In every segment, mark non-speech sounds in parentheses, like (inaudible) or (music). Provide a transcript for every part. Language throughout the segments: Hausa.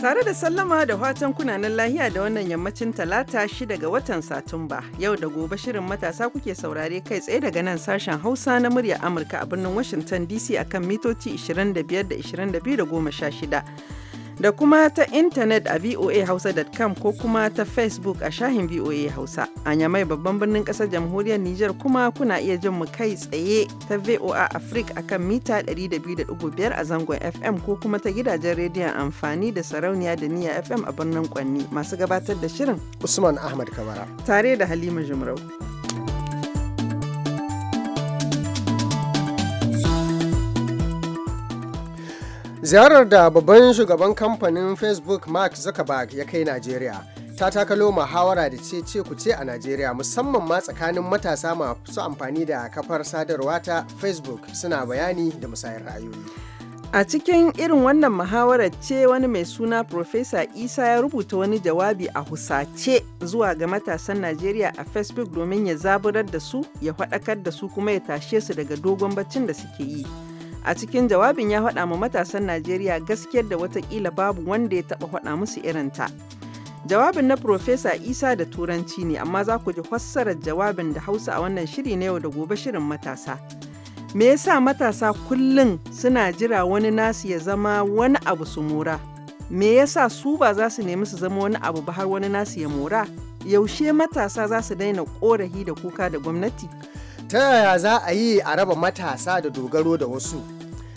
Tare da sallama da fatan kunanan lahiya da wannan yammacin talata shi daga watan Satumba. Yau da gobe shirin matasa kuke saurare kai tsaye daga nan sashen Hausa na murya Amurka a birnin Washington DC akan mitoci 25 da 22 da 16. da kuma ta intanet a voahausa.com ko kuma ta facebook a shahin voa hausa a yamai babban birnin kasar jamhuriyar niger kuma kuna iya jin mu kai tsaye ta voa africa akan mita 200.5 a zangon fm ko kuma ta gidajen rediyon amfani da sarauniya da niya fm a birnin kwanni masu gabatar da shirin usman ahmad kamara. tare da halima jumrau ziyarar da babban shugaban kamfanin facebook mark zuckerberg ya kai nigeria ta takalo muhawara da ce ce ku ce a nigeria musamman ma tsakanin matasa masu amfani da kafar sadarwa ta facebook suna bayani da musayar ra'ayoyi a cikin irin wannan muhawarar ce wani mai suna Profesa isa ya rubuta wani jawabi a husace zuwa ga matasan najeriya a facebook domin ya zaburar da su ya faɗakar da su kuma ya tashe su daga dogon baccin da suke yi A cikin jawabin ya faɗa ma matasan Najeriya gaskiyar da watakila babu wanda ya taɓa faɗa musu irin ta. Jawabin na Profesa Isa da Turanci ne, amma za ku ji fassarar jawabin da Hausa a wannan shiri na yau da gobe shirin matasa. Me yasa matasa kullum suna jira wani nasu ya zama wani abu su mora? Me yasa su ba za su nemi su zama wani abu ba har wani nasu ya mora? Yaushe matasa za su daina korafi da kuka da gwamnati? ta yaya za a yi a raba matasa da dogaro da wasu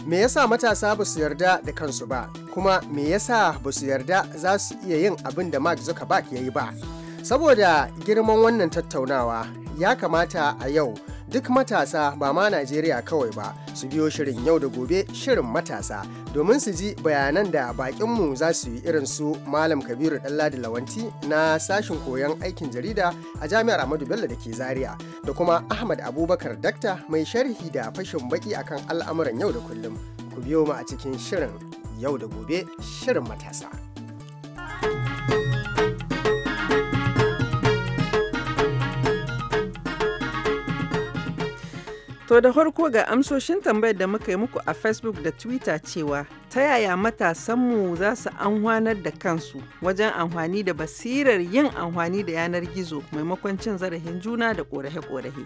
me yasa matasa ba su yarda da kansu ba kuma me yasa ba su yarda za su iya yin abin da mark zuckerberg ya yi ba saboda girman wannan tattaunawa ya kamata a yau duk matasa ba ma Najeriya kawai ba su biyo shirin yau da gobe shirin matasa domin su ji bayanan da bakinmu za su yi irin su Malam Kabiru Ɗanladi Lawanti na sashin koyon aikin jarida a Jami'ar Ahmadu Bello da ke Zaria da kuma Ahmad Abubakar Dakta mai sharhi da fashin baki akan al'amuran yau da kullum. Ku biyo mu a cikin shirin yau da gobe shirin matasa. To da farko ga amsoshin tambayar da muka yi muku a Facebook da Twitter cewa ta yaya matasanmu za su anhwanar da kansu wajen amfani da basirar yin amfani da yanar gizo maimakon cin zarafin juna da ƙorahe-ƙorahe.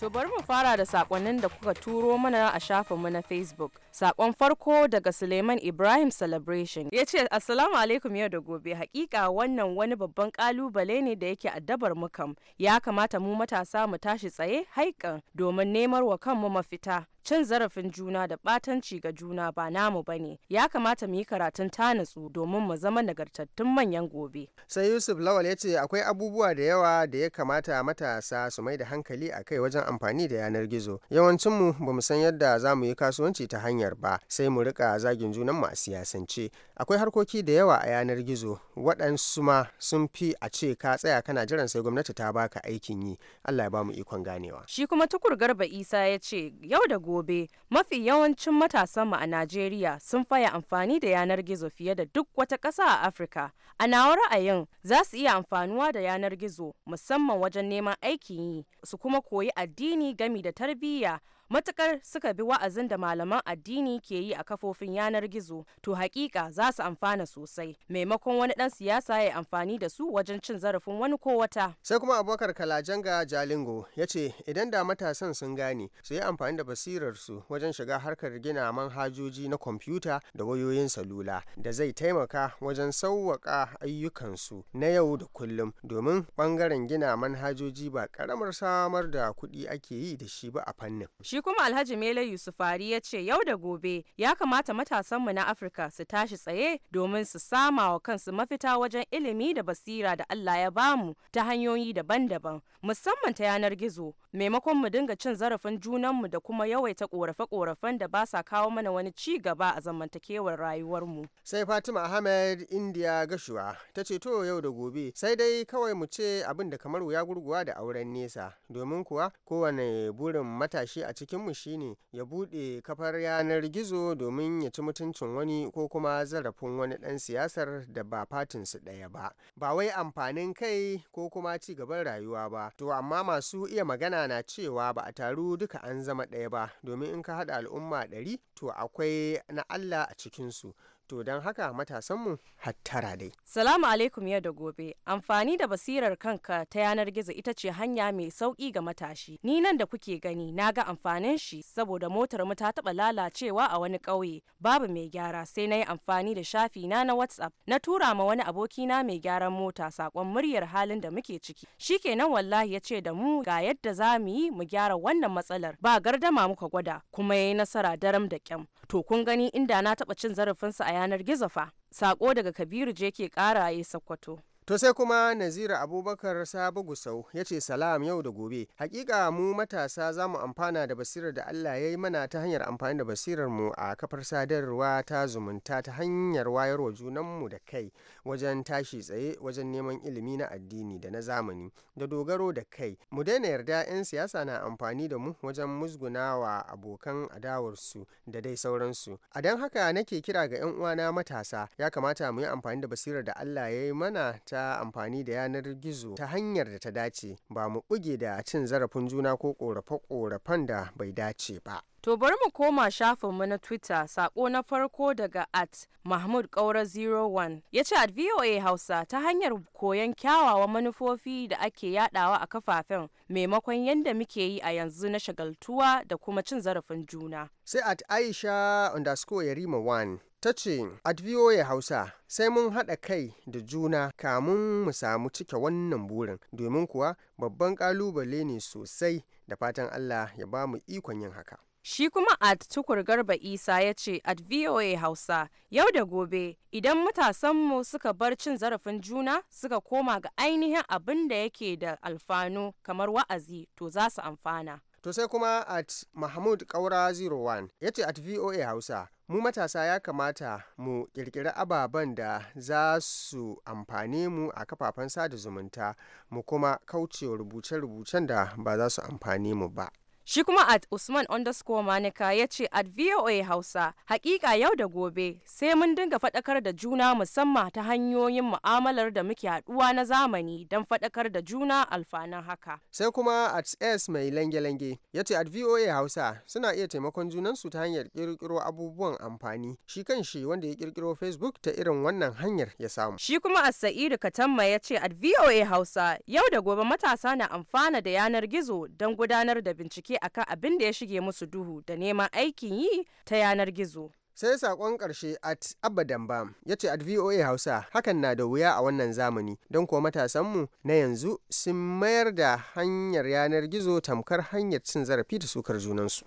To bari mu fara da sakonnin da kuka turo mana a mu na Facebook. Sakon farko daga Suleiman Ibrahim Celebration ya ce Assalamu alaikum yau da gobe hakika wannan wani babban kalubale ne da yake addabar mu kam. Ya kamata mu matasa mu tashi tsaye haikan domin nemar wa kanmu mafita. cin zarafin juna da ɓatanci ga juna ba namu ba ne ya kamata mu yi karatun tanatsu domin mu zama nagartattun manyan gobe sai yusuf lawal ya ce akwai abubuwa da yawa da ya kamata matasa su mai da hankali a kai wajen amfani da yanar gizo yawancinmu ba mu san yadda za mu yi kasuwanci ta hanyar ba sai mu rika zagin junan mu a siyasance akwai harkoki da yawa a yanar gizo waɗansu ma sun fi a ce ka tsaya kana jiran sai gwamnati ta baka aikin yi allah ya ba mu ikon ganewa shi kuma tukur garba isa ya ce yau da gobe gobe mafi yawancin matasanmu a Najeriya sun faya amfani da yanar gizo fiye da duk wata ƙasa a Afirka. A nawa ra'ayin za su iya amfanuwa da yanar gizo musamman wajen neman aikin yi su kuma koyi addini gami da tarbiyya matukar suka bi wa'azin da malaman addini ke yi a kafofin yanar gizo to hakika za su amfana sosai maimakon wani dan siyasa ya amfani da su wajen cin zarafin wani ko wata sai kuma abubakar kalajanga jalingo ya ce idan da matasan sun gane su yi amfani da basirar su wajen shiga harkar gina manhajoji na kwamfuta da wayoyin salula da zai taimaka wajen sauwaka ayyukansu na yau da kullum domin bangaren gina manhajoji ba karamar samar da kuɗi ake yi da shi ba a fannin kuma Alhaji Mele Yusufari ya ce yau da gobe ya kamata matasanmu na Afirka su tashi tsaye domin su sama wa kansu mafita wajen ilimi da basira da Allah ya bamu ta hanyoyi daban-daban musamman ta yanar gizo maimakon mu dinga cin zarafin junanmu da kuma yawaita korafe-korafen da ba sa kawo mana wani ci gaba a zamantakewar rayuwarmu. Sai Fatima Ahmed India Gashuwa ta ce to yau da gobe sai dai kawai mu ce abin da kamar wuya gurguwa da auren nesa domin kuwa kowane burin matashi a cikin bincikenmu shi ne ya buɗe kafar yanar gizo domin ya ci mutuncin wani ko kuma zarafin wani ɗan siyasar da ba fatinsu ɗaya ba. Ba wai amfanin kai ko kuma ci gaban rayuwa ba. To amma masu iya magana na cewa ba a taru duka an zama ɗaya ba domin in ka haɗa al'umma ɗari to akwai na Allah a cikinsu. To don haka matasanmu hattara dai. Salamu alaikum yau da gobe. Amfani da basirar kanka ta yanar gizo ita ce hanya mai sauƙi ga matashi. Ni nan da kuke gani na ga amfanin shi saboda motar mu ta taɓa lalacewa a wani ƙauye. Babu mai gyara sai na yi amfani da shafi na na WhatsApp. Na tura ma wani abokina mai gyaran mota saƙon muryar halin da muke ciki. Shi kenan wallahi ya ce da mu ga yadda za mu yi mu gyara wannan matsalar. Ba gardama muka gwada kuma ya yi nasara daram da kyam. To kun gani inda na taɓa cin zarafinsa a yanar gizo fa. Sako daga Kabiru je ke ya sakwato. To sai kuma Nazira Abubakar Sabu Gusau ya ce salam yau da gobe. Hakika mu matasa za mu amfana da basirar da Allah ya yi mana ta hanyar amfani da basirar mu a kafar sadarwa ta zumunta ta hanyar wayar wa junanmu da kai wajen tashi tsaye wajen neman ilimi na addini da na zamani da dogaro da kai. Mu daina yarda 'yan siyasa na amfani da mu wajen musgunawa abokan adawarsu da dai sauransu. A don haka nake kira ga 'yan uwana matasa ya kamata mu yi amfani da basirar da Allah ya yi mana ta amfani da yanar gizo ta hanyar da ta dace ba mu buge da cin zarafin juna ko korafe-korafen da bai dace ba. To bari mu koma shafinmu na Twitter saƙo na farko daga at Mahmud Kaura 01 ya ce at VOA Hausa ta hanyar koyon kyawawan manufofi da ake yadawa a kafafen maimakon yadda muke yi a yanzu na shagaltuwa da kuma cin zarafin juna. Sai at Aisha underscore Yarima 1 ta ce at voa hausa sai mun haɗa kai da juna kamun mu samu cike wannan burin domin kuwa babban ƙalubale ne sosai da fatan allah ya ba mu ikon yin haka Shi kuma at tukur garba isa ya ce at VOA Hausa yau da gobe idan matasanmu suka bar cin zarafin juna suka koma ga ainihin abin da yake da alfanu kamar wa'azi to za su amfana. To sai kuma at Mahmud Kaura 01 ya ce at VOA Hausa mu matasa ya kamata mu kirkiri ababen da za su amfane mu a kafafen sada zumunta mu kuma kaucewa rubuce-rubucen da ba za su amfane mu ba Shi kuma at Usman underscore Manika ya ce at VOA Hausa hakika yau da gobe sai mun dinga fadakar da juna musamman ta hanyoyin mu'amalar da muke haduwa na zamani don fadakar da juna alfanan haka. Sai kuma at S mai lange-lange ya ce at VOA Hausa suna iya taimakon junansu ta hanyar kirkiro abubuwan amfani shi kan shi wanda ya kirkiro Facebook ta irin wannan hanyar ya samu. Shi kuma at Sa'idu Katamma ya ce at VOA Hausa yau da gobe matasa na amfana da yanar gizo don gudanar da bincike akan abin da ya shige musu duhu da neman aikin yi ta yanar gizo. sai saƙon ƙarshe at abadan bam ya ce at voa hausa hakan na da wuya a wannan zamani don kuwa matasanmu na yanzu sun mayar da hanyar yanar gizo tamkar hanyar cin zarafi da sukar junansu.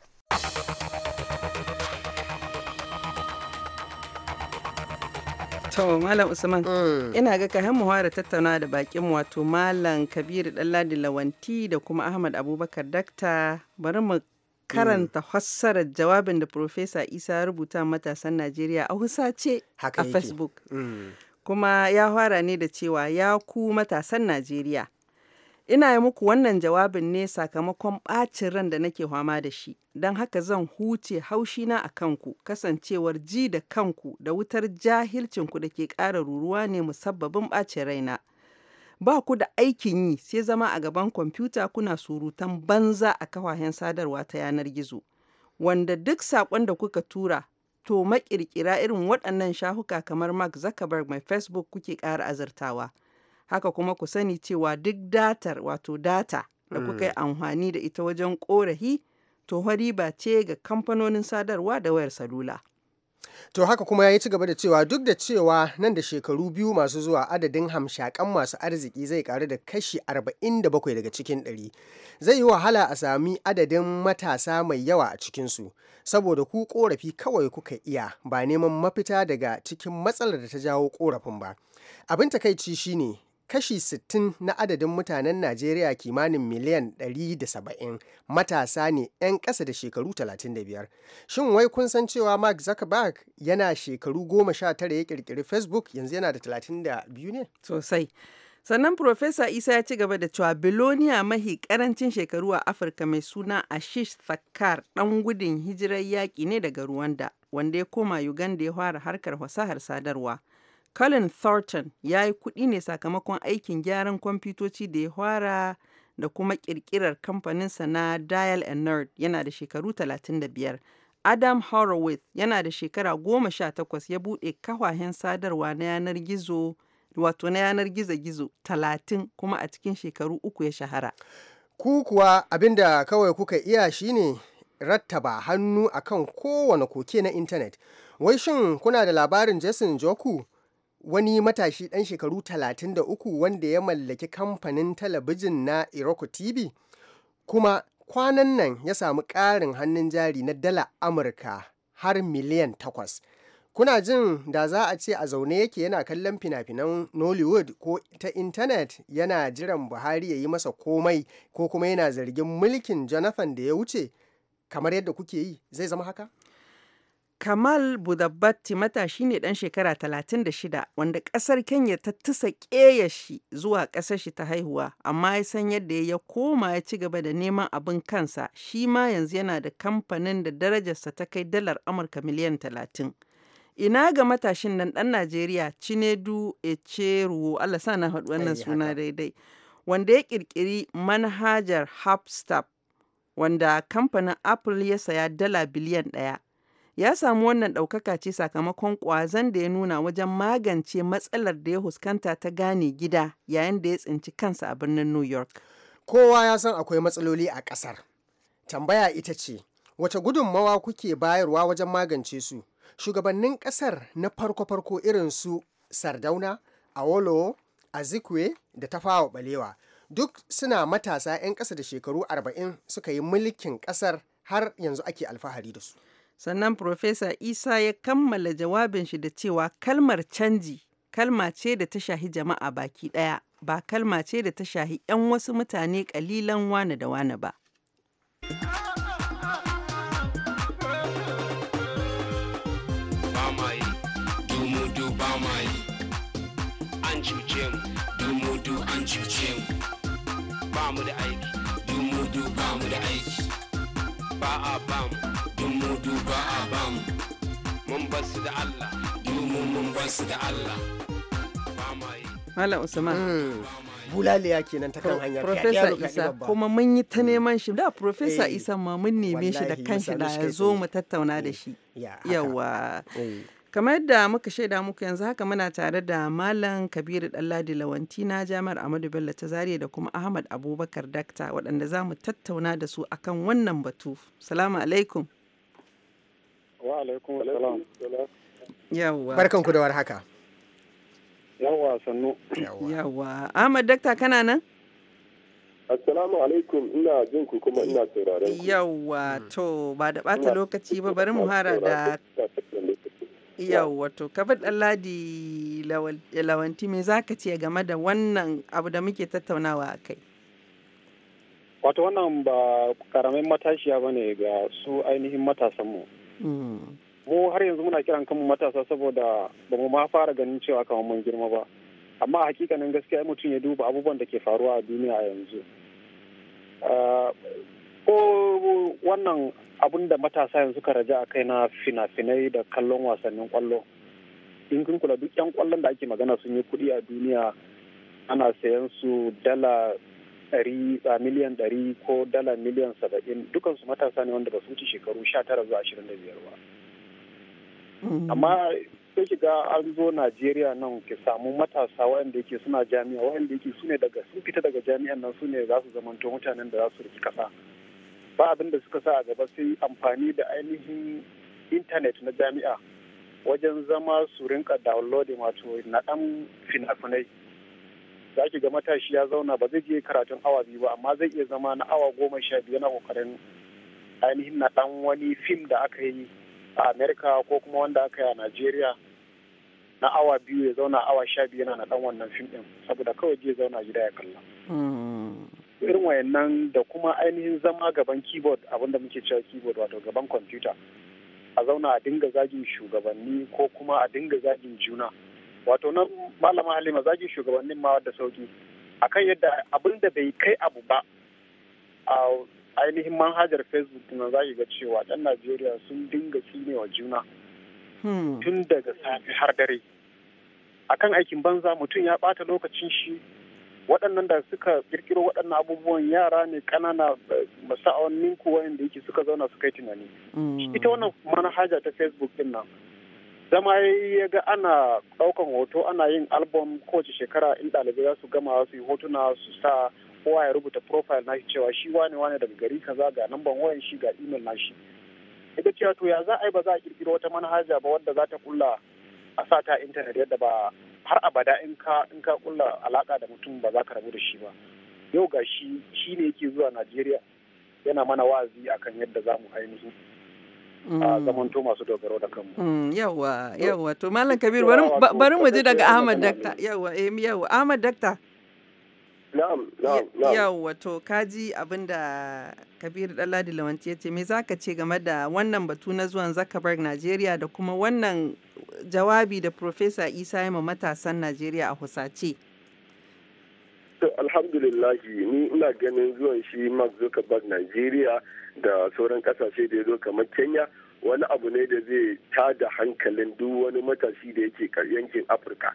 To Malam Usman, mm. ina ga ka kayan da tattauna da bakin wato Malam Kabiru Ɗanladi Lawanti da kuma Ahmad Abubakar Dakta bari mu karanta mm. fassarar jawabin da Profesa Isa rubuta matasan Najeriya a ce a Facebook. Mm. Kuma ya fara ne da cewa ya ku matasan Najeriya. Ina yi muku wannan jawabin ne sakamakon ɓacin ran da nake fama da shi, don haka zan huce haushina a kanku, kasancewar ji da kanku da wutar jahilcinku da ke ƙara ruruwa ne musabbabin ɓacin raina. Ba ku da aikin yi sai zama a gaban kwamfuta kuna surutan banza a kafafen sadarwa ta yanar gizo, wanda duk saƙon da kuka tura to makirkira irin waɗannan shafuka kamar Mark Zuckerberg mai Facebook kuke ƙara azurtawa. haka kuma ku sani cewa duk datar wato data da hmm. kuka yi amfani da ita wajen korafi to ba ce ga kamfanonin sadarwa da wayar salula To haka kuma ya yi ci gaba da cewa duk da cewa nan da shekaru biyu masu zuwa adadin hamshakan masu arziki zai karu da kashi 47 daga cikin ɗari Zai yi wahala a sami adadin matasa mai yawa a cikinsu, saboda ku korafi kawai kuka iya ba neman mafita daga cikin matsalar da ta jawo korafin ba. Abin takaici shine kashi 60 na adadin mutanen Najeriya kimanin miliyan 170 matasa ne 'yan ƙasa da shekaru 35. Shin wai kun san cewa Mark Zuckerberg yana shekaru 19 ya kirkiri Facebook yanzu yana da 32 ne? Sosai. Sannan Profesa Isa ya ci gaba da cewa Bilonia mahi karancin shekaru a Afirka mai suna Ashish Thakkar ɗan gudun hijirar yaƙi ne daga Rwanda, wanda ya koma Uganda ya fara harkar fasahar sadarwa. Colin Thornton ya yi kuɗi ne sakamakon aikin gyaran kwamfutoci da ya fara da kuma ƙirƙirar kamfaninsa na Dial a Nerd yana da shekaru 35. Adam Horowitz yana da shekara 18 ya buɗe kawahen sadarwa na yanar gizo wato na yanar gizo-gizo 30 kuma a cikin shekaru uku ya shahara. Ku kuwa abinda kawai kuka iya shine rattaba hannu akan kowane koke na intanet. Wai shin kuna da labarin Jason Joku wani matashi ɗan shekaru 33 wanda ya mallaki kamfanin talabijin na Iroko TV kuma kwanan nan ya samu ƙarin hannun jari na dala Amurka har miliyan takwas. Kuna jin da za a ce a zaune yake yana kallon fina-finan Nollywood ko ta intanet yana jiran Buhari ya yi masa komai ko kuma yana zargin mulkin Jonathan da ya wuce kamar yadda kuke yi zai zama haka? Kamal Budabatti matashi ne dan shekara 36 wanda kasar Kenya ta tusa keyashi shi zuwa ƙasar shi ta haihuwa amma ya san yadda ya koma ya ci gaba da neman abin kansa shi ma yanzu yana da kamfanin da darajarsa ta kai dalar Amurka miliyan 30. Ina ga matashin nan dan Najeriya Chinedu Echeruwo Allah sa na haɗu wannan suna daidai wanda ya ƙirƙiri manhajar Hubstep wanda kamfanin Apple ya saya dala biliyan ɗaya. Ya samu wannan ɗaukaka ce sakamakon ƙwazon da ya nuna wajen magance matsalar da ya huskanta ta gane gida yayin da ya tsinci kansa a birnin New York. Kowa ya san akwai matsaloli a ƙasar. Tambaya ita ce, wace gudunmawa kuke bayarwa wajen magance su? Shugabannin ƙasar na farko-farko irin su Sardauna, awolo Azikwe da Tafawa Balewa. Duk suna matasa 'yan ƙasa da shekaru 40 suka yi mulkin ƙasar har yanzu ake alfahari da su. Sannan Profesa Isa ya kammala jawabin shi da cewa kalmar canji kalma ce da ta shahi jama'a baki ɗaya ba kalma ce da ta shahi 'yan wasu mutane ƙalilan wane da wane ba. basu da Allah domin mun basu da Allah Malam Usman hmm. bulaliya kenan ta kan hanyar Professor Isa kuma mun yi ta hmm. neman shi da Profesa eh. Isa ma mun neme shi da kanshi da ya zo mu tattauna da hmm. shi yawa eh. kamar yadda muka shaida muku yanzu haka muna tare da malam kabiru ɗanladi lawanti na jami'ar amadu bello ta zaria da kuma ahmad abubakar dakta waɗanda za mu tattauna da su akan wannan batu salamu alaikum Wa alaikum salam. Yawwa. Barkan da warhaka. Yawwa sannu. Yawwa. Ahmad Dakta kana nan? Assalamu alaikum ina jin ku kuma ina sauraron hmm. ku. Yawwa to ba da bata lokaci ba bari mu hara da Yawwa to kafin dan ladi lawanti me ka ce game da wannan abu da muke tattaunawa a kai? Wato wannan ba karamin matashiya ba ne ga su ainihin matasanmu. mu. mu har yanzu muna kiran kanmu matasa saboda ba mu ma fara ganin cewa kamar mun girma ba amma a hakikanin gaskiya mutum ya duba abubuwan da ke faruwa a duniya a yanzu ah, ko wannan abun da matasa yanzu ka raja a kai na fina-finai da kallon wasannin kwallo in kun kula duk yan kwallon da ake magana sun yi kuɗi a duniya ana sayan su dala ɗari a miliyan ɗari ko dala miliyan saba'in dukansu matasa ne wanda ba su wuce shekaru sha tara zuwa ashirin da biyar ba mm-hmm. amma sai shiga an zo najeriya nan ki samu matasa waɗanda yake suna jami'a waɗanda yake su ne daga sun fita daga jami'an nan su ne za su zamanto mutanen da za su riki kasa ba abin da suka sa a gaba sai amfani da ainihin intanet na jami'a wajen zama su rinka downloading wato na ɗan fina-finai za ga matashi ya zauna ba zai je karatun awa biyu ba amma zai iya zama na awa goma sha biyu na kokarin ainihin na dan wani fim da aka yi a amerika ko kuma wanda aka yi a nigeria na awa biyu ya zauna awa sha biyu na dan wannan fim din saboda kawai je zauna gida ya kalla mm. irin wayannan da kuma ainihin zama gaban keyboard abinda muke cewa keyboard wato gaban kwamfuta a zauna a dinga zagin shugabanni ko kuma a dinga zagin juna wato nan malama halima zagi shugabannin ma da sauki akan yadda abin da bai kai abu ba a ainihin manhajar facebook na zaki ga cewa dan najeriya sun dinga wa juna hmm. tun daga safe har dare akan aikin banza mutum ya bata lokacin shi waɗannan da suka kirkiro waɗannan abubuwan yara ne ƙanana masa'awannin kuwa yadda yake suka zauna suka yi tunani hmm. ita wannan manhaja ta facebook din nan zama ya ga ana daukan hoto ana yin album kowace shekara in ɗalibai za su gama su yi hotuna su sa kowa ya rubuta profile nashi cewa shi wane wane daga gari kaza ga namban wayan shi ga email nashi ita cewa to ya za a yi ba za a kirkiro wata manhaja ba wadda za ta kulla a sa ta intanet yadda ba har abada in ka in ka kulla alaka da mutum ba za ka rabu da shi ba yau ga shi shi ne yake zuwa najeriya yana mana wa'azi akan yadda za mu ainihin Mm. zamanto masu dogaro da kanmu. Mm, yawwa, yawwa, to Malam Kabir bari mu ji daga Ahmad Dakta. Yawwa, eh yawwa, Ahmad Dakta. Na'am, na'am, na'am. Yawwa, to kaji abinda Kabir Dalladi lawanci ya ce me za ka ce game da wannan batu na zuwan Zuckerberg Najeriya da kuma wannan jawabi da Professor Isa ya matasan Najeriya a Husace. to alhamdulillahi ni ina ganin zuwan shi mark zuckerberg nigeria da sauran kasashe da ya zo kamar kenya wani abu ne da zai tada hankalin duk wani matashi da yake yankin afirka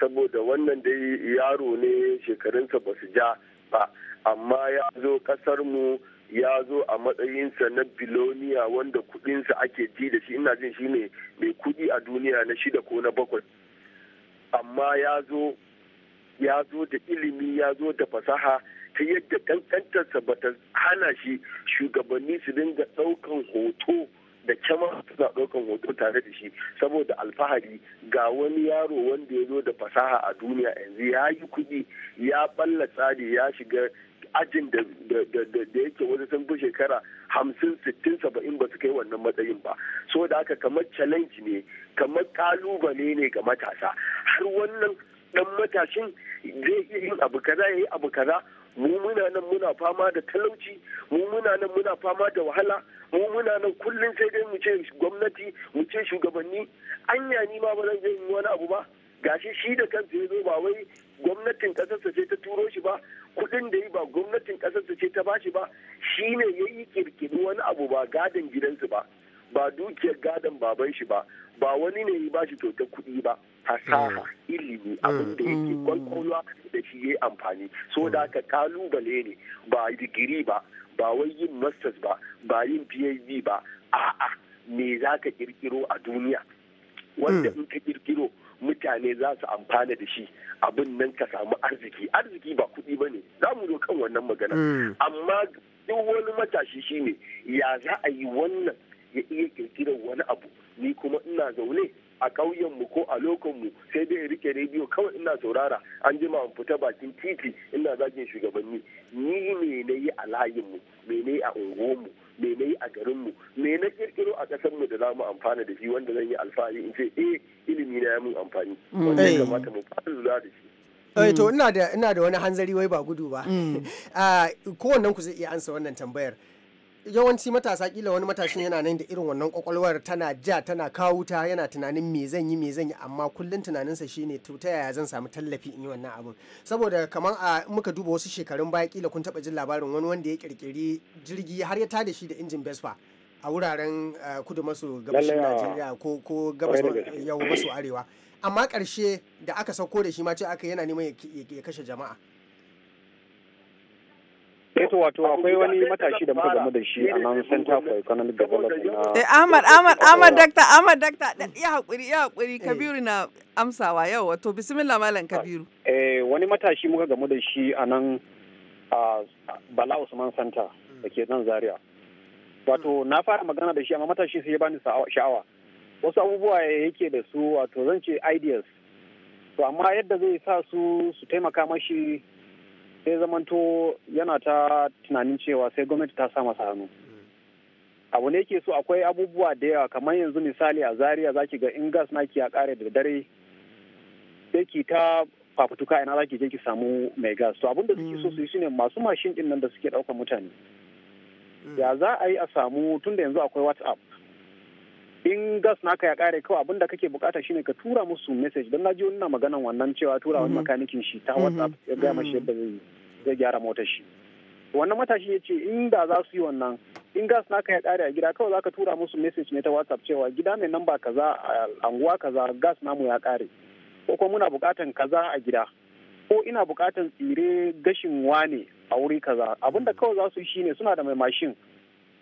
saboda wannan dai yaro ne shekarunsa ba su ja ba amma ya zo mu ya zo a matsayinsa na biloniya wanda kudinsa ake ji da shi ina jin shi ne mai kudi a duniya na shida ko na bakwai amma ya zo ya zo da ilimi ya zo da fasaha ta yadda kankantarsa ba ta hana shi shugabanni su dinga ɗaukan hoto da kyama suna ɗaukan hoto tare da shi saboda alfahari ga wani yaro wanda ya zo da fasaha a duniya yanzu ya yi kuɗi ya balla tsari ya shiga ajin da yake wani sun fi shekara hamsin sittin saba'in ba su kai wannan matsayin ba so da haka kamar challenge ne kamar kalubale ne ga matasa har wannan dan matashin zai iya yin abu kaza ya yi abu kaza mu muna nan muna fama da talauci mu muna nan muna fama da wahala mu muna nan kullum sai dai mu ce gwamnati mu ce shugabanni anya ni ma ba zan yi wani abu ba gashi shi da kansa ya zo ba wai gwamnatin kasarsa ce ta turo shi ba kudin da yi ba gwamnatin kasarsa ce ta bashi ba shi ne ya yi kirkiri wani abu ba gadon gidansu ba ba dukiyar gadon baban shi ba ba wani ne ya bashi ta kuɗi ba fasaha mm. ilimi abin mm. da yake mm. kwakwalwa da shi ya amfani so da ka kalubale ne ba digiri ba ba wai yin masters ba ba yin phd ba a'a me za ka kirkiro a duniya wanda in ka kirkiro mutane za su amfana da shi abin nan ka samu arziki arziki ba kuɗi ba ne za mu zo kan wannan magana amma duk wani matashi shine ya za a yi wannan ya iya kirkirar wani abu ni kuma ina zaune a mu ko a mu sai dai rike rediyo kawai ina saurara an jima an fita bakin titi ina zagin shugabanni ni me na yi a layinmu me na yi a unguwanmu me na yi a garinmu me na kirkiro a mu da za mu amfana da shi wanda zan yi alfahari in ce eh ilimi na ya mun amfani mm. wanda ya eh. kamata mu fara lura da shi eh, to mm. ina da wani hanzari wai ba gudu ba. Mm. (laughs) Ah, kowannen ku zai iya ansa wannan tambayar. yawanci matasa kila wani matashin yana nan da irin wannan kwakwalwar tana ja tana kawo ta yana tunanin me zan yi me zan yi amma kullun tunaninsa shine to ta yaya zan samu tallafi in yi wannan abun saboda kamar a muka duba wasu shekarun baya kila kun taba jin labarin wani wanda ya kirkiri jirgi har ya tada shi da injin Vespa a wuraren eh, kudu maso gabashin ah, Najeriya ko ko gabas yau maso arewa amma karshe da aka sauko da shi ma ce aka yana neman ya kashe jama'a Eh, to wato akwai wani matashi da muka game da shi a nan Center for Economic Development na Eh Ahmad Ahmad Ahmad Dakta Ahmad Dakta iya hakuri iya hakuri Kabiru na amsawa yau wato bismillah malam Kabiru eh wani matashi muka game da shi a nan Bala Usman Center da ke nan Zaria wato na fara magana da shi amma matashi sai ya bani sha'awa wasu abubuwa yake da su wato zan ce ideas to amma yadda zai sa su su taimaka mashi sai zamanto yana ta tunanin cewa sai gwamnati ta sa masa hannu abu ne ke so akwai abubuwa da yawa kamar yanzu misali a zaria zaki ga in gas naki ya kare da dare sai ki ta fafutuka ina zaki je ki samu mai gas to abin da suke so su yi shine masu mashin din nan da suke ɗauka mutane ya za a yi a samu tunda yanzu akwai whatsapp in gas naka ya kare kawai abinda kake bukata shine ka tura musu message don na ji wannan maganan wannan cewa tura wani mhm. makanikin shi ta whatsapp ya gaya mashi yadda zai gyara motar shi wannan matashi ya ce inda za su yi wannan in gas naka ya kare a gida kawai zaka tura musu message ne ta whatsapp cewa gida mai namba kaza anguwa kaza gas namu ya kare ko kuma muna bukatan kaza a gida ko ina bukatan tsire gashin wane a wuri kaza abinda kawai za su yi shine suna da mai mashin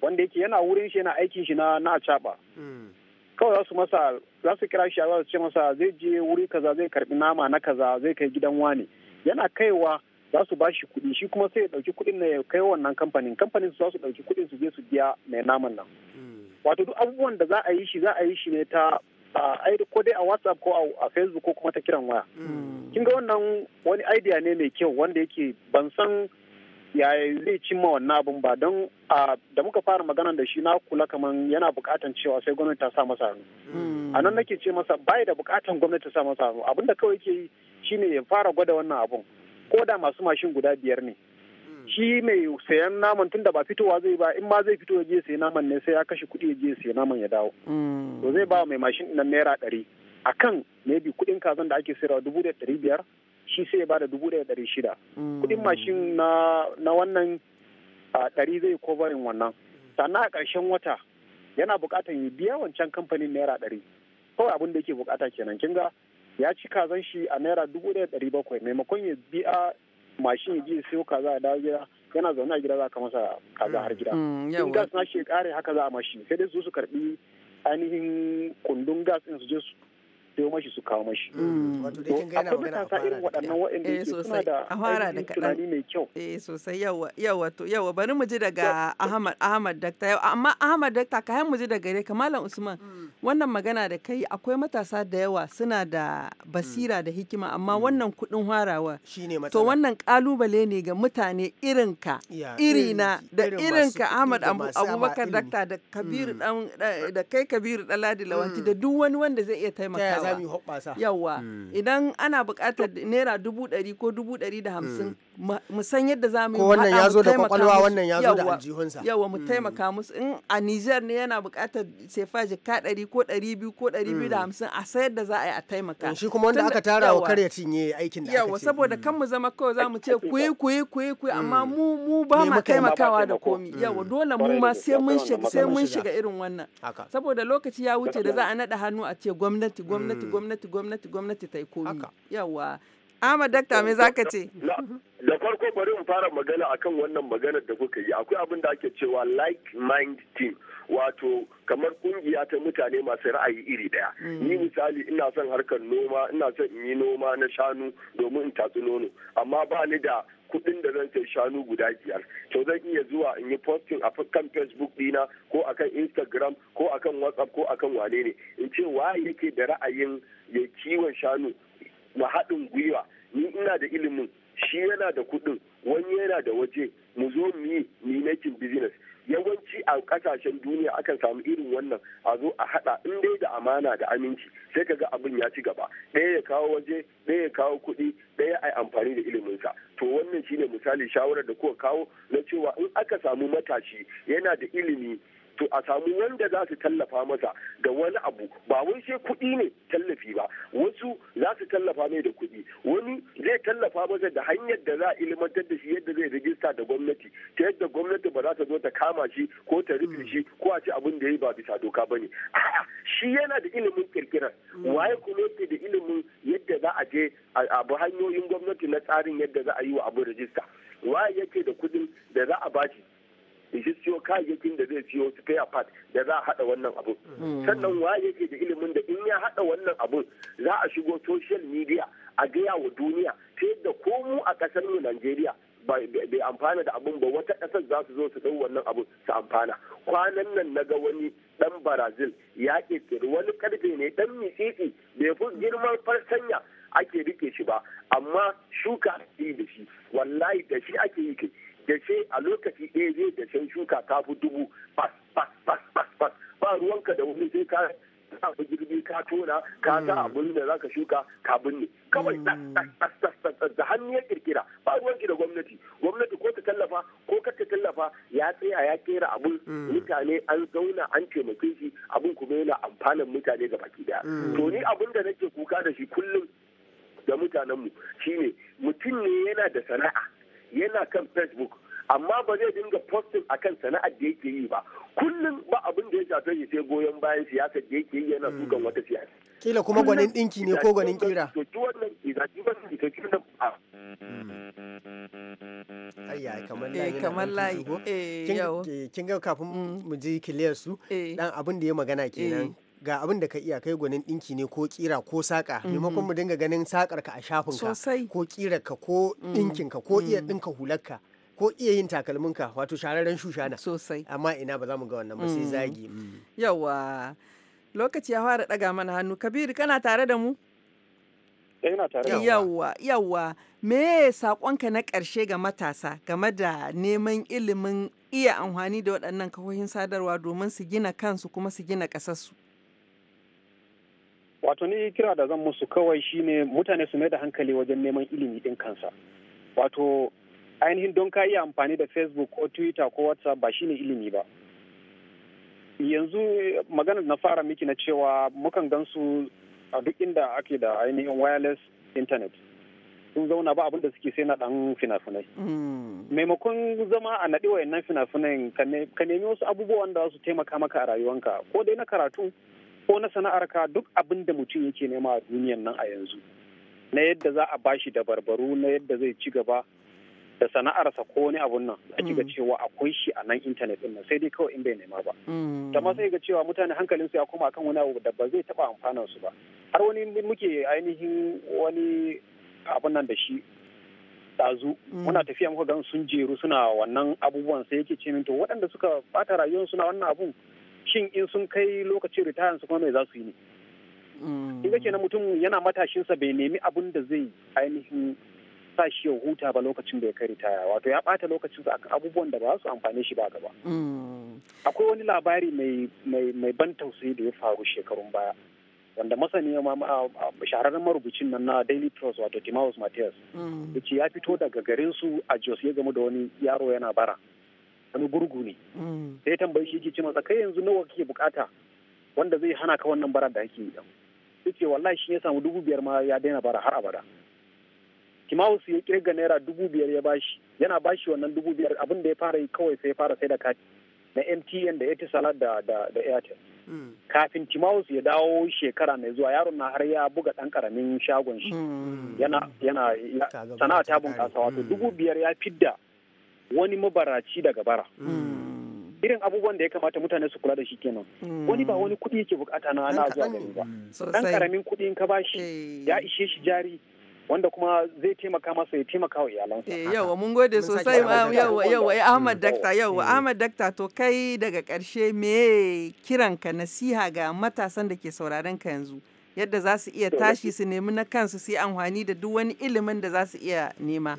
wanda yake yana wurin shi yana aikin shi na na acaba hmm. kawai za su masa za su kira shi a su ce masa zai je wuri kaza zai karbi nama na kaza zai kai gidan wani yana kaiwa za su bashi kuɗi shi kuma sai ya ɗauki kuɗin na ya kai wannan kamfanin kamfanin su za su ɗauki kuɗin su je su biya mai naman nan hmm. wato duk abubuwan da za a yi shi za a yi shi ne ta a ko dai a whatsapp ko a facebook ko kuma ta kiran waya hmm. kin ga wannan wani idea ne mai kyau wanda yake ban san yaya zai cimma wannan abun ba don da muka fara magana da shi na kula kaman yana bukatan cewa sai gwamnati ta sa masa hannu hmm. a nan nake ce masa bai da bukatan gwamnati ta sa masa hannu abin da kawai ke yi shine ya fara gwada wannan abun ko da masu mashin guda biyar ne hmm. shi mai sayan naman tunda ba fitowa zai ba in ma zai fito ya je sai naman ne sai ya kashe kuɗi ya je sai naman ya dawo hmm. to zai ba mai mashin nan naira ɗari akan maybe kuɗin kazan da ake sayarwa dubu da ɗari biyar mashin sai ya bada dubu daya dari shida mm. kuɗin mashin na wannan ɗari zai kovarin wannan sannan a ƙarshen wata yana buƙatar ya biya wancan kamfanin naira dari kawai abin da yake buƙata kenan kin ga ya ci kazan shi a naira dubu daya dari bakwai maimakon ya biya mashin ya je ya siyo kaza a dawo gida yana zaune a gida za ka masa kaza har mm. gida mm, in gas na shi ya ƙare haka za a mashi sai dai su su karɓi ainihin kundin gas ɗin su je su sayo mashi su kawo mashi. Mm. Mm. Akwai matasa irin waɗannan waɗanda eh, yake suna da ainihin tunani mai kyau. Eh sosai yawa yawa to yawa bari mu ji daga Ahmad Ahmad Dakta yau amma Ahmad Dakta ka mu ji daga gare ka Malam Usman mm. wannan magana da kai akwai matasa da yawa suna da basira da hikima amma wannan kuɗin harawa to wannan kalubale ne ga mutane irin ka iri na da irin ka Ahmad Abubakar Dakta da Kabiru da kai Kabiru Daladi Lawanti da duk wani wanda zai iya taimakawa. sami hoɓɓasa yawwa hmm. idan ana buƙatar naira dubu ɗari ko dubu ɗari da hamsin hmm. mu san yadda za mu yi wannan ya zo da kwakwalwa wannan ya zo da aljihunsa yawa mu hmm. taimaka musu in a Niger ne yana buƙatar sefa jika ɗari ko ɗari biyu ko ɗari biyu da hamsin a san yadda za a yi a taimaka shi kuma wanda aka tara wa kar ya cinye aikin da yawa saboda kan mu zama kawai za mu ce kuyi kuyi kuyi kuyi amma mu mu ba ma taimakawa da komi yawa dole mu ma sai mun shiga irin wannan saboda lokaci ya wuce da za a naɗa hannu a ce gwamnati gwamnati Mm. gwamnati gwamnati gwamnati gwamnati ta yi komi yawa ama Dakta me zaka ce? Da farko bari in fara magana akan wannan maganar da kuka yi. Akwai abin da ake cewa like mind team wato kamar kungiya ta mutane masu ra'ayi iri daya. Mm. Ni misali ina son harkar noma, ina son in yi noma na shanu domin in tatsi nono, amma ba ni da kuɗin da zan sai shanu guda biyar to zan iya zuwa in yi posting a kan facebook dina ko akan instagram ko akan whatsapp ko akan wane ne in ce waye yake da ra'ayin ya kiwon shanu mu haɗin gwiwa ni ina da ilimin shi yana da kuɗin wani yana da waje mu zo mu yi ni making business yawanci a kasashen duniya akan samu irin wannan a zo a hada in dai da amana da aminci sai ka ga abin ya ci gaba ɗaya ya kawo waje ɗaya ya kawo kuɗi ɗaya a amfani da iliminsa to wannan shine misali shawarar da kuka kawo na cewa in aka samu matashi yana da ilimi to a samu wanda za su tallafa masa da wani abu ba wai sai kuɗi ne tallafi ba wasu za su tallafa mai da kuɗi wani zai tallafa masa da hanyar da za a ilmantar da shi yadda zai rijista da gwamnati ta yadda gwamnati ba za ta zo ta kama shi ko ta rufe shi ko a ce abin da ya yi ba bisa doka ba ne a'a shi yana da ilimin kirkirar mm. waye kuma yake da ilimin yadda za a je a bi hanyoyin gwamnati na tsarin yadda za a yi wa abin rijista waye yake da kuɗin da za a bashi shi siyo kayayyakin da zai siyo spare part da za a hada wannan abu hmm. sannan waye yake da ilimin da in ya hada wannan abun za a shigo social media a gaya wa duniya ta yadda ko mu a kasar mu Najeriya bai amfana da abun ba wata ƙasar za su zo su dau wannan abu su amfana kwanan nan na ga wani ɗan brazil ya tsiri wani karfe ne ɗan mitsitsi bai fi girman farsanya ake rike shi ba amma shuka yi da shi wallahi da shi ake yi kai da shi a lokaci ɗaya zai da shan shuka ta fi dubu bas bas bas pas bas ba ruwanka da wani sai ka sa girbi ka tona ka sa mm. abin da za ka shuka ka binne kawai mm. da hannu ya kirkira ba ruwanki da gwamnati gwamnati ko ta tallafa ko ka ta tallafa ya tsaya ya kera abin mm. mutane an zauna an taimake shi Abin kuma yana amfanin mutane ga baki daya to ni abin da nake kuka da shi kullum da mutanenmu shine mutum ne yana da sana'a yana kan facebook amma ba zai dinga posting a kan sana'ar da yake yi ba kullum ba abin da ya shafe shi sai goyon bayan siyasar da yake yi yana sukan hmm. wata siyasa kila kuma gwanin dinki ne ko gwanin kira to ki wannan ki za ki wannan ki ki ayya kamar eh, layi kamar layi eh, eh kin ga kafin hmm. mu je kiliyar su eh. dan abin da ya magana kenan ga abin da ka iya kai gwanin dinki ne ko kira ko saƙa mhm. maimakon mu dinga ganin sakar ka a shafin ka ko kira ka ko dinkin mm. ka ko iya mm. ɗinka hular ka ko iya yin takalminka wato shararren shushana sosai amma ina ba za mu ga wannan ba sai mm. zagi yawa lokaci ya fara daga mana hannu kabiru kana tare da mu eh, ina tare da yawa yawa me ka na karshe ga matasa game da neman ilimin iya amfani da waɗannan kahohin sadarwa domin su gina kansu kuma su gina ƙasarsu wato ni kira da zan musu kawai shine mutane su mai da hankali wajen neman ilimi din kansa wato ainihin don ka iya amfani da facebook ko twitter ko whatsapp ba shine ilimi ba yanzu maganar na fara miki na cewa mukan gansu a duk inda ake da ainihin wireless internet sun zauna ba abinda da suke sai na dan fina-finai hmm. maimakon zama a naɗi wayannan fina finai ka nemi wasu abubuwan da su taimaka maka a rayuwanka ko dai na karatu ko na sana'ar ka duk abin da mutum yake nema a duniyan nan a yanzu na yadda za a bashi da barbaru na yadda zai ci gaba da sana'arsa ko wani abun nan a ga mm. cewa akwai shi a nan intanet din nan sai dai kawai in bai nema ba mm. amma sai ga cewa mutane hankalinsu ya koma kan wani abu da ba zai taba amfanar su ba har wani muke ainihin wani abun nan da shi ɗazu mm. muna tafiya muka gan sun jeru suna wannan abubuwan sai yake ce to waɗanda suka bata rayuwar suna wannan abun shin in sun kai lokacin ritayan su kuma mai za su yi ne mm. in ga kenan mutum yana matashinsa bai nemi abin da zai ainihin sa shi ya huta ba lokacin da ya kai ritaya wato ya bata lokacinsa akan abubuwan da ba su amfani shi ba gaba mm. akwai wani labari mai ban tausayi da ya faru shekarun baya wanda masani ya shahararren marubucin nan na daily trust wato timaus matthias da mm. ya fito daga garinsu a jos ya gamu da wani yaro yana bara wani gurgu ne mm. sai tambayi shi yake ce masa kai yanzu nawa kake bukata wanda zai hana ka wannan bara da ake yi sai ce wallahi shi ya samu dubu biyar ma ya daina bara har abada kimawusu ya kirga naira dubu biyar ya bashi yana bashi wannan dubu biyar abin da ya fara yi kawai sai ya fara sai da kati na mtn da etisalat da da airtel mm. kafin timawus ya dawo shekara mai zuwa yaron na har ya buga dan karamin shagon shi mm. yana yana sana'a ta bunƙasa wato dubu biyar ya fidda wani mabaraci daga bara mm. irin abubuwan da ya kamata mutane su kula da shi kenan mm. wani ba wani kuɗi yake bukata na ana zuwa gari ba dan mm. karamin kuɗi in ka bashi eh. ya ishe shi jari wanda kuma zai taimaka masa ya taimaka wa iyalansa. Eh, yawa mun gode sosai yawa ya eh, Ahmad Dakta yawa Ahmad Dakta to kai daga karshe me kiranka nasiha ga matasan da ke sauraron ka yanzu yadda za su iya tashi su nemi na kansu su yi amfani da duk wani ilimin da za su iya nema.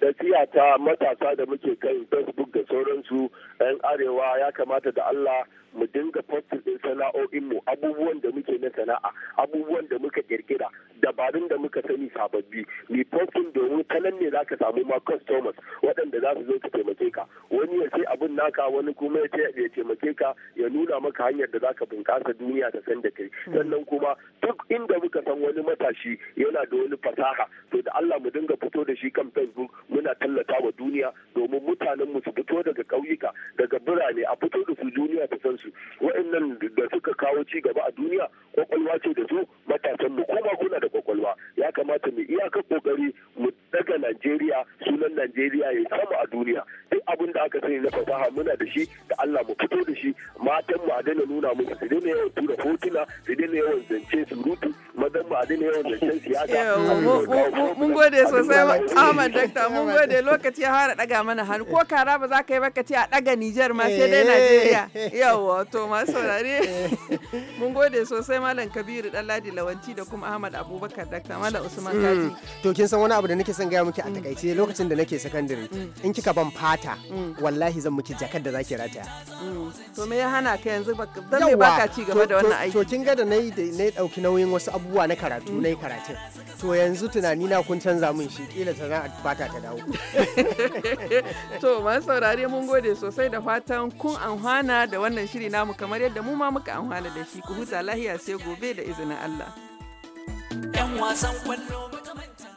tafiya ta matasa da muke kan facebook da sauransu 'yan arewa ya kamata da allah mu dinga postin din sana'o'in mu abubuwan da muke na sana'a abubuwan da muka kirkira dabarun da muka sani sababbi ni postin domin kanan ne zaka samu ma customers waɗanda za su zo su taimake ka wani ya ce abin naka wani kuma ya ce ya taimake ka ya nuna maka hanyar da zaka bunƙasa duniya ta san da kai hmm. sannan kuma duk inda muka san wani matashi yana da wani fasaha to da Allah mu dinga fito da shi kan Facebook muna tallata wa duniya domin mutanen mu su fito daga ƙauyuka daga birane a fito da su duniya ta san su su wa'annan da suka kawo ci gaba a duniya kwakwalwa ce da su matasan mu kuma kuna da kwakwalwa ya kamata mu iyaka kokari mu daga Najeriya sunan Najeriya ya sama a duniya duk abin da aka sani na fasaha muna da shi da Allah mu fito da shi matan mu a daina nuna mu su daina yawan tura hotuna su daina yawan zance surutu madan mu a daina yawan zance siyasa mun gode sosai Ahmad Dakta mun gode lokaci ya fara daga mana hannu ko kara ba za ka yi ba ka ce a daga Nijar ma sai dai Najeriya (laughs) yau wato ma saurare (laughs) eh. mun gode sosai malam kabiru dan ladi lawanci da kuma ahmad abubakar dakta malam usman kaji mm. to kin san wani abu da nake son gaya muke a mm. takaice lokacin da nake secondary mm. in kika ban fata wallahi zan miki jakar da zaki rataya to me ya hana ka yanzu dan me baka ci gaba da wannan aiki to kin ga da nayi nayi dauki nauyin wasu abubuwa na karatu nayi karatun to yanzu tunani na kun canza min shi kila sana'ar fata ta dawo (laughs) to ma saurare mun gode sosai da fatan kun amfana da wannan shiri namu kamar yadda mu ma muka amfana da shi ku huta lahiya sai gobe da izinin Allah. 'Yan wasan kwallo